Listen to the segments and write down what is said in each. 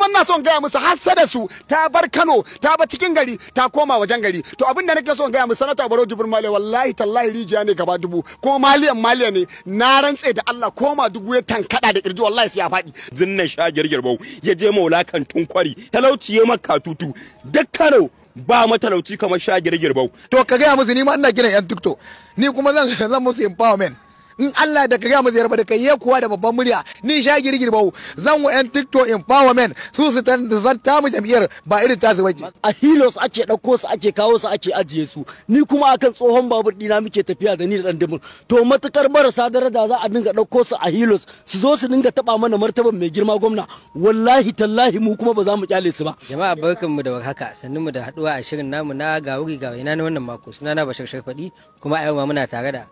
kuma son gaya musu hassada su ta bar Kano ta ba cikin gari ta koma wajen gari to abin da nake son gaya musu sanata Baro Jibril Mali wallahi tallahi rijiya ne gaba dubu kuma maliyan maliya ne na rantse da Allah koma dubu ya tankada da kirji wallahi sai ya faɗi zinna sha girgirbau ya je maula kan tunkwari talauci ya maka tutu kano ba matalauci kamar sha girgirbau to ka gaya musu ni ma ina gina yan tiktok ni kuma zan zan musu empowerment in Allah da kare mu ziyarba da kan ye kuwa da babban murya ni sha girgir bau zan wa yan TikTok empowerment su su zan ta mu jam'iyyar ba irin ta su waje. a hilos ake dauko su ake kawo su ake ajiye su ni kuma akan tsohon babur dina muke tafiya da ni da dan dimin to matukar marasa da za a dinga dauko su a hilos su zo su dinga taba mana martaban mai girma gwamna wallahi tallahi mu kuma ba za mu kyale su ba jama'a mu da haka sannu mu da haduwa a shirin namu na gawuri gawaina na wannan mako sunana bashar shafadi kuma a ma muna tare da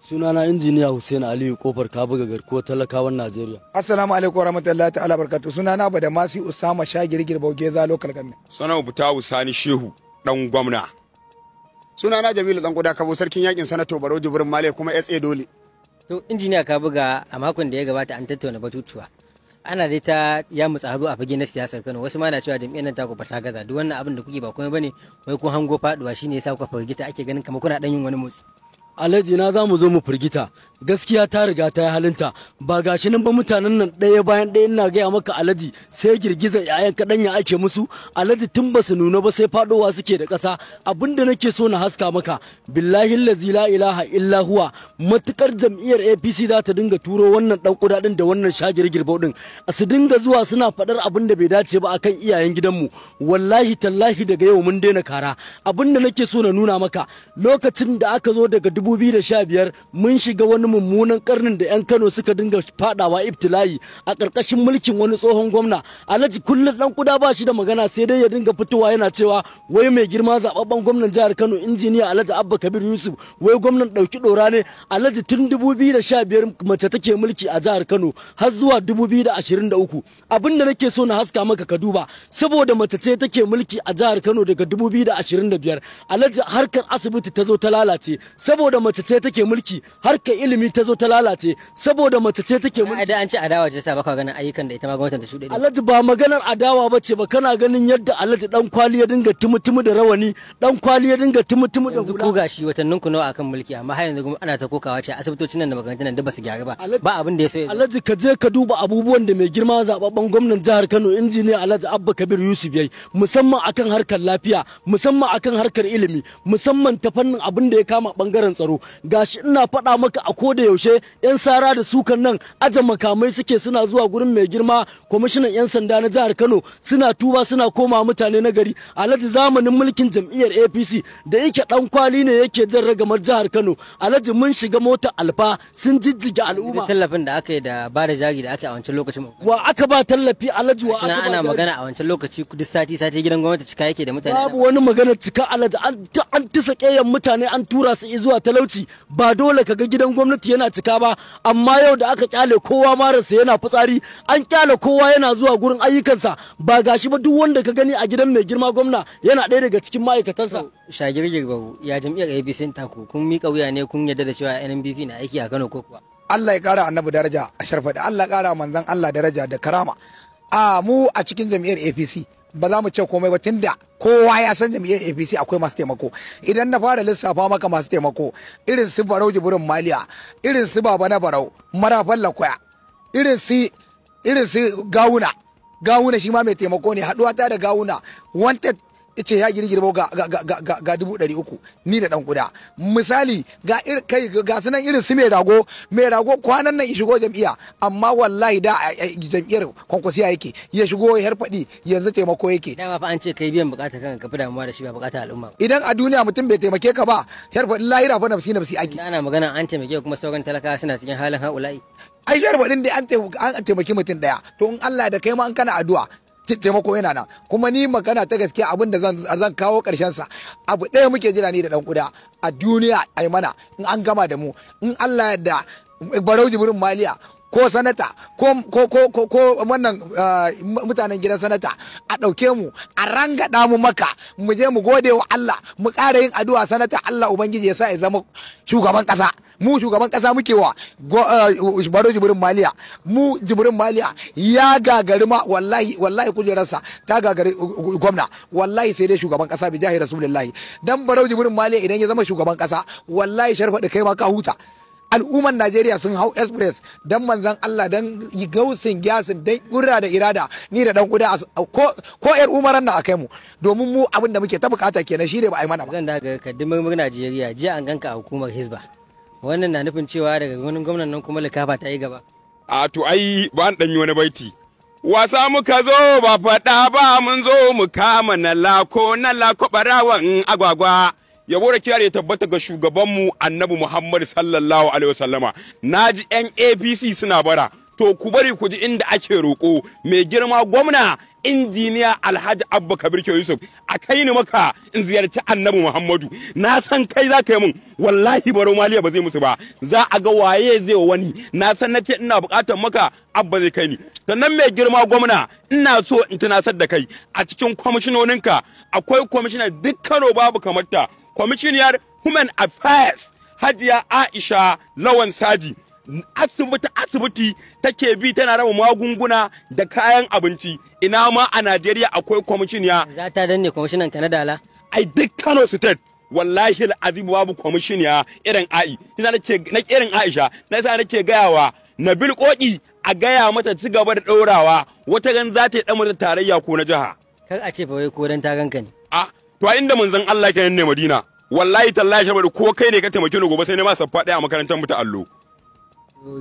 sunana injiniya Hussein Aliyu kofar kabuga garkuwar talakawan Najeriya. Assalamu alaikum warahmatullahi ta'ala barkatu sunana bada masi Usama Shagirgir Bauge za lokal gamna Sanau buta Sani Shehu dan gwamna. Sunana Jamilu dan guda kabo sarkin yakin sanato Baro Jibrin Male kuma SA Dole. To injiniya Kabuga a makon da ya gabata an tattauna batutuwa. ana dai ta ya mutsa hazo a fage na siyasar Kano wasu ma na cewa jam'iyyar nan ta ku ta gaza duk wannan abin da kuke ba komai bane wai kun hango faduwa shine yasa kuka firgita ake ganin kamar kuna dan yin wani motsi alhaji na za zo mu firgita gaskiya ta riga ta yi halinta ba gashi nan ba mutanen nan ɗaya bayan ɗaya ina gaya maka alhaji sai girgiza yayan kaɗan ya ake musu alhaji tun ba su nuna ba sai faɗowa suke da ƙasa abin da nake so na haska maka billahi lazi la ilaha illa huwa matukar jam'iyyar apc za ta dinga turo wannan ɗan kuɗaɗen da wannan shagirgirbau ɗin a su dinga zuwa suna faɗar abin da bai dace ba akan iyayen gidanmu wallahi tallahi daga yau mun daina kara abin da nake so na nuna maka lokacin da aka zo daga dubu 2015 mun shiga wani mummunan karnin da 'yan Kano suka dinga fadawa ibtila'i a ƙarƙashin mulkin wani tsohon gwamna. Alhaji kullum dan kuda ba shi da magana sai dai ya dinga fitowa yana cewa wai mai girma zababben gwamnan jihar Kano injiniya Alhaji Abba Kabir Yusuf wai gwamnan ɗauki ɗora ne Alhaji tun 2015 mace take mulki a jihar Kano har zuwa 2023. Abin da nake so na haska maka ka duba saboda mace ce take mulki a jihar Kano daga 2025 Alhaji harkar asibiti ta zo ta lalace saboda mace ce take mulki har ka ilimi ta zo ta lalace saboda mace ce take mulki da an ci adawa ce sa baka ganin ayyukan da ita ma gwamnatin ta shuɗe Alhaji ba maganar adawa ba ce ba kana ganin yadda Alhaji dan kwali ya dinga tumutumu da rawani dan kwali ya dinga tumutumu da hula yanzu ko shi watannin ku nawa akan mulki amma har yanzu ana ta kokawa ce asibitocin nan da makarantun nan duk ba su gyara ba ba abin da ya so Alhaji ka je ka duba abubuwan da mai girma zababban gwamnan jihar Kano injiniya Alhaji Abba Kabir Yusuf yayi musamman akan harkar lafiya musamman akan harkar ilimi musamman ta fannin abin da ya kama bangaren tsaro gashi ina faɗa maka a koda yaushe yan sara da sukan nan aje makamai suke suna zuwa gurin mai girma kwamishinan yan sanda na jihar Kano suna tuba suna koma mutane na gari alhaji zamanin mulkin jam'iyyar APC da yake dan kwali ne yake jan ragamar jihar Kano alhaji mun shiga mota alfa sun jijjiga al'umma tallafin da aka yi da ba da jagi da aka yi a wancan lokacin wa aka ba tallafi alhaji wa aka ana magana a wancan lokaci duk sati sati gidan gwamnati cika yake da mutane babu wani magana cika alhaji an tisa kayan mutane an tura su zuwa talauci ba dole ka ga gidan gwamnati yana cika ba amma yau da aka kyale kowa marasa yana fitsari an kyale kowa yana zuwa gurin ayyukansa ba gashi ba duk wanda ka gani a gidan mai girma gwamna yana ɗaya daga cikin ma'aikatansa shagirgir bau ya jam'iyyar abc ku kun mika wuya ne kun yadda da cewa nnpp na aiki a kano ko kuwa allah ya kara annabi daraja a da allah ya kara manzan allah daraja da karama a mu a cikin jam'iyyar apc ba za mu ce komai ba tunda kowa ya san jam'iyyar apc akwai masu taimako idan na fara lissafa maka masu taimako irin su barau jibirin maliya irin su baba na barau marafan lakwaya irin su irin su gawuna gawuna shi ma mai taimako ne haɗuwa ta da gawuna wanted ice ya girgirmo ga ga ga dubu ɗari uku ni da ɗan kuda misali ga kai ga sunan irin su mai rago mai rago kwanan nan ya shigo jam'iyya amma wallahi da jam'iyyar kwankwasiya yake ya shigo ya harfaɗi yanzu taimako yake dama fa an ce kai biyan bukata kan ka fi damuwa da shi ba bukata al'umma idan a duniya mutum bai taimake ka ba harfaɗi lahira fa nafsi nafsi ake ana magana an taimake kuma sauran talakawa suna cikin halin haula'i ai harfaɗin dai an taimaki mutum daya to in Allah da kai ma an kana addu'a taimako yana nan kuma ni magana ta gaske abin da zan kawo karshen sa abu ɗaya muke jira ni da dan kuda a duniya ai mana in an gama da mu in Allah ya da barau jibrin maliya ko sanata ko ko ko ko wannan ah, mutanen gidan sanata a ɗauke mu a rangada mu maka mu je mu gode wa Allah mu ƙara yin addu'a sanata Allah ubangiji ya sa ya zama shugaban ƙasa mu shugaban ƙasa muke wa ah, baro jibrin maliya mu jibrin maliya ya gagari ma wallahi wallahi kujerarsa ta gagari gwamna wallahi sai dai shugaban ƙasa bi jahi rasulullahi dan baro jibrin maliya idan ya zama shugaban ƙasa wallahi sharfa da kai ma ka huta al'ummar Najeriya sun hau express dan manzan Allah dan gausin gyasin dan ƙura da irada ni da dan kuda ko yar umaran nan akai mu domin mu abin da muke ta bukata kenan shi ne ba a yi mana ba zan daga kaddimar Najeriya jiya an ganka a hukumar Hizba wannan na nufin cewa daga wani gwamnan nan kuma likafa ta yi gaba a to ai ba an danyi wani baiti Wasa muka zo ba faɗa ba mun zo mu kama na lako na lako barawan agwagwa yabo da kira ya tabbata ga shugabanmu annabi muhammad sallallahu alaihi wasallama na ji yan apc suna bara to ku bari ku ji inda ake roƙo mai girma gwamna injiniya alhaji abba kabir yusuf a kai ni maka in ziyarci annabi muhammadu na san kai za ka yi min wallahi baro maliya ba zai musu ba za a ga waye zai wa wani na san na ce ina buƙatar maka abba zai kai ni sannan mai girma gwamna ina so in tunasar da kai a cikin kwamishinoninka akwai kwamishina duk kano babu kamar ta kwamishiniyar human affairs hajiya aisha lawan saji asibiti asibiti take bi tana raba magunguna da kayan abinci ina ma a najeriya akwai kwamishiniya za ta danne kwamishinan ta na dala ai duk kano state wallahi azim babu kwamishiniya irin ai na irin aisha na yasa nake gayawa nabil koki a gaya mata ci gaba da ɗaurawa wata gan za ta yi ɗan mata tarayya ko na jiha kar a ce fa wai ko dan ta ganka ne a to a inda manzon Allah kenan ne Madina wallahi tallahi shabar ko kai ne ka taimake ni gobe sai ne ma saffa daya a makarantar mu ta allo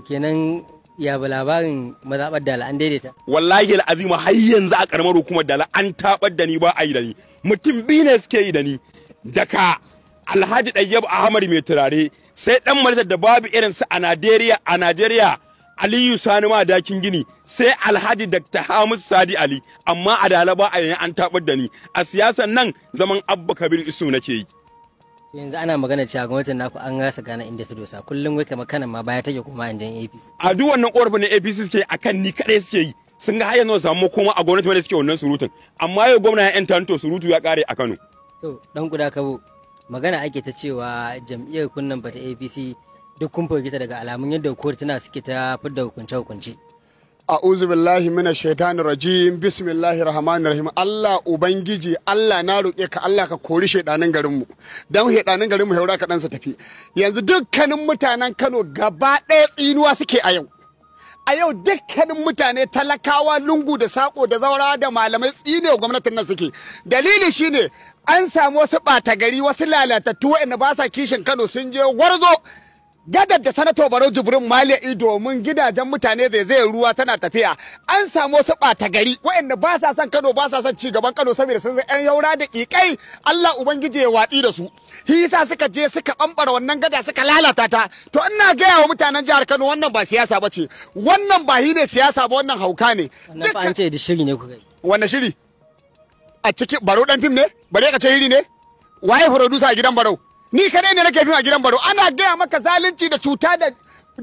kenan ya ba labarin mazabar dala an daidaita. Wallahi alazima har yanzu a karamar hukumar dala an tabar da ni ba a yi da ni. Mutum biyu ne suke yi da ni. Daka Alhaji Ɗayyab Ahmad mai turare sai dan majalisar da babu irinsa a Najeriya a Najeriya aliyu sani ma dakin gini sai alhaji dr hamus sadi ali amma a dalaba a yanzu an tabar da ni a siyasan nan zaman abba kabir isu nake yi yanzu ana magana cewa gwamnatin naku an rasa gane inda ta dosa kullum wai kamar kanan ma baya take kuma inda APC a duk wannan korafin na APC suke akan ni kare suke yi sun ga har yanzu samu kuma a gwamnati wanda suke wannan surutun amma yau gwamna ya yan surutu ya kare a Kano to dan guda kabo magana ake ta cewa jam'iyyar kunnan bata APC duk kun fahimta daga alamun yadda tana suke ta fidda hukunce-hukunce. a'udhu billahi minash shaitanir rajim bismillahir rahmanir rahim Allah ubangiji Allah na roƙe ka Allah ka kori shaidanin garin mu dan shaidanin garin mu haura ka dan tafi yanzu dukkanin mutanen Kano gaba ɗaya tsinuwa suke a yau a yau dukkanin mutane talakawa lungu da sako da zaura da malamai tsine gwamnatin nan suke dalili shine an samu wasu ɓata gari wasu lalatattu waɗanda ba sa kishin Kano sun je warzo gadar da sanato barau jibrin mali'i domin gidajen mutane zai zai ruwa tana tafiya an samu wasu ɓata gari waɗanda ba sa son kano ba sa son gaban kano saboda sun yan yaura da ƙiƙai allah ubangiji ya waɗi da su hisa suka je suka ɓambara wannan gada suka lalata ta to ina gaya wa mutanen jihar kano wannan ba siyasa ba ce wannan ba hine siyasa ba wannan hauka ne. wannan ba an ce da shiri ne ku gani. wannan shiri a cikin baro dan fim ne bare ka ce hiri ne waye producer a gidan barau. ni kadai ne nake bin a gidan baro ana gaya maka zalunci da cuta da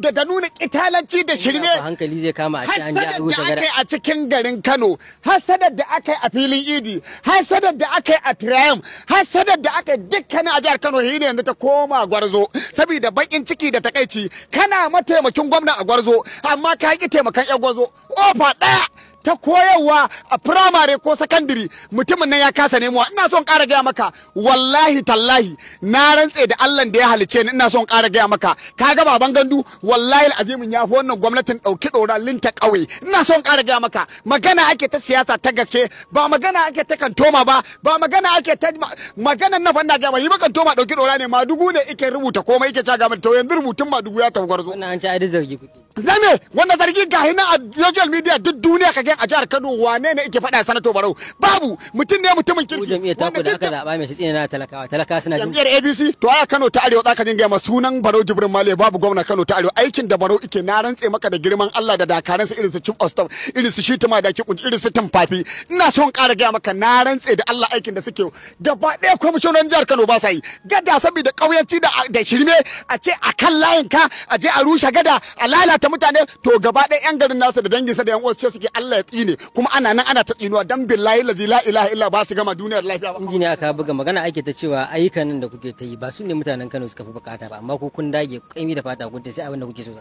da da nuna kitalanci da shirme hankali zai kama a cikin da aka yi a cikin garin Kano hasadar da aka a filin Idi hasadar da aka a Triam hasadar da aka yi a jihar Kano hini yanzu ta koma Gwarzo saboda bakin ciki da takaici kana mataimakin gwamna a Gwarzo amma ka yi taimakan ƴan Gwarzo ofa daya ta koyarwa a firamare ko sakandiri mutumin nan ya kasa nemo ina son ƙara gaya maka wallahi tallahi na rantse da Allah da ya halice ni ina son ƙara gaya maka ka baban gandu wallahi azimin ya fi wannan gwamnatin ɗauki ɗoralin ta ƙauye ina son ƙara gaya maka magana ake ta siyasa ta gaske ba magana ake ta kantoma ba ba magana ake ta magana na fanda gaya yi ba kantoma ɗauki ɗora ne madugu ne ike rubuta komai ike caga mai to yanzu rubutun madugu ya tafi gwarzo. Wannan an ci zargi kuke. Zame wanda zargi ga hina a social media duk duniya ka nan a jihar Kano wane ne yake faɗa sanato barau babu mutum ne mutumin kirki jam'iyyar ta da aka zaba mai tsina na talakawa talakawa suna jami'ar ABC to aya Kano ta Arewa zaka jinga ma sunan barau Jibrin Male babu gwamna Kano ta Arewa aikin da barau yake na rantse maka da girman Allah da dakaransa irin su chief of staff irin su shitima da ke kunji irin su tumfafi ina son ƙara gaya maka na rantse da Allah aikin da suke gaba ɗaya kwamishinan jihar Kano ba sa yi gada saboda ƙauyanci da da shirme a ce a kan layinka a je a rushe gada a lalata mutane to gaba ɗaya yan garin nasu da sa da yan uwansu suke Allah Allah ya tsine kuma ana nan ana ta tsinuwa dan billahi lazi la ilaha illa ba su gama duniyar lafiya ba injiniya ka buga magana ake ta cewa ayyukan nan da kuke ta yi ba su ne mutanen Kano suka fi bukata ba amma ku kun dage kaimi da fata kun ta sai abin da kuke so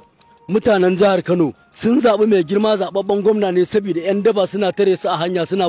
mutanen jihar Kano sun zaɓi mai girma zaɓaɓɓen gwamna ne saboda 'yan daba suna tare su a hanya suna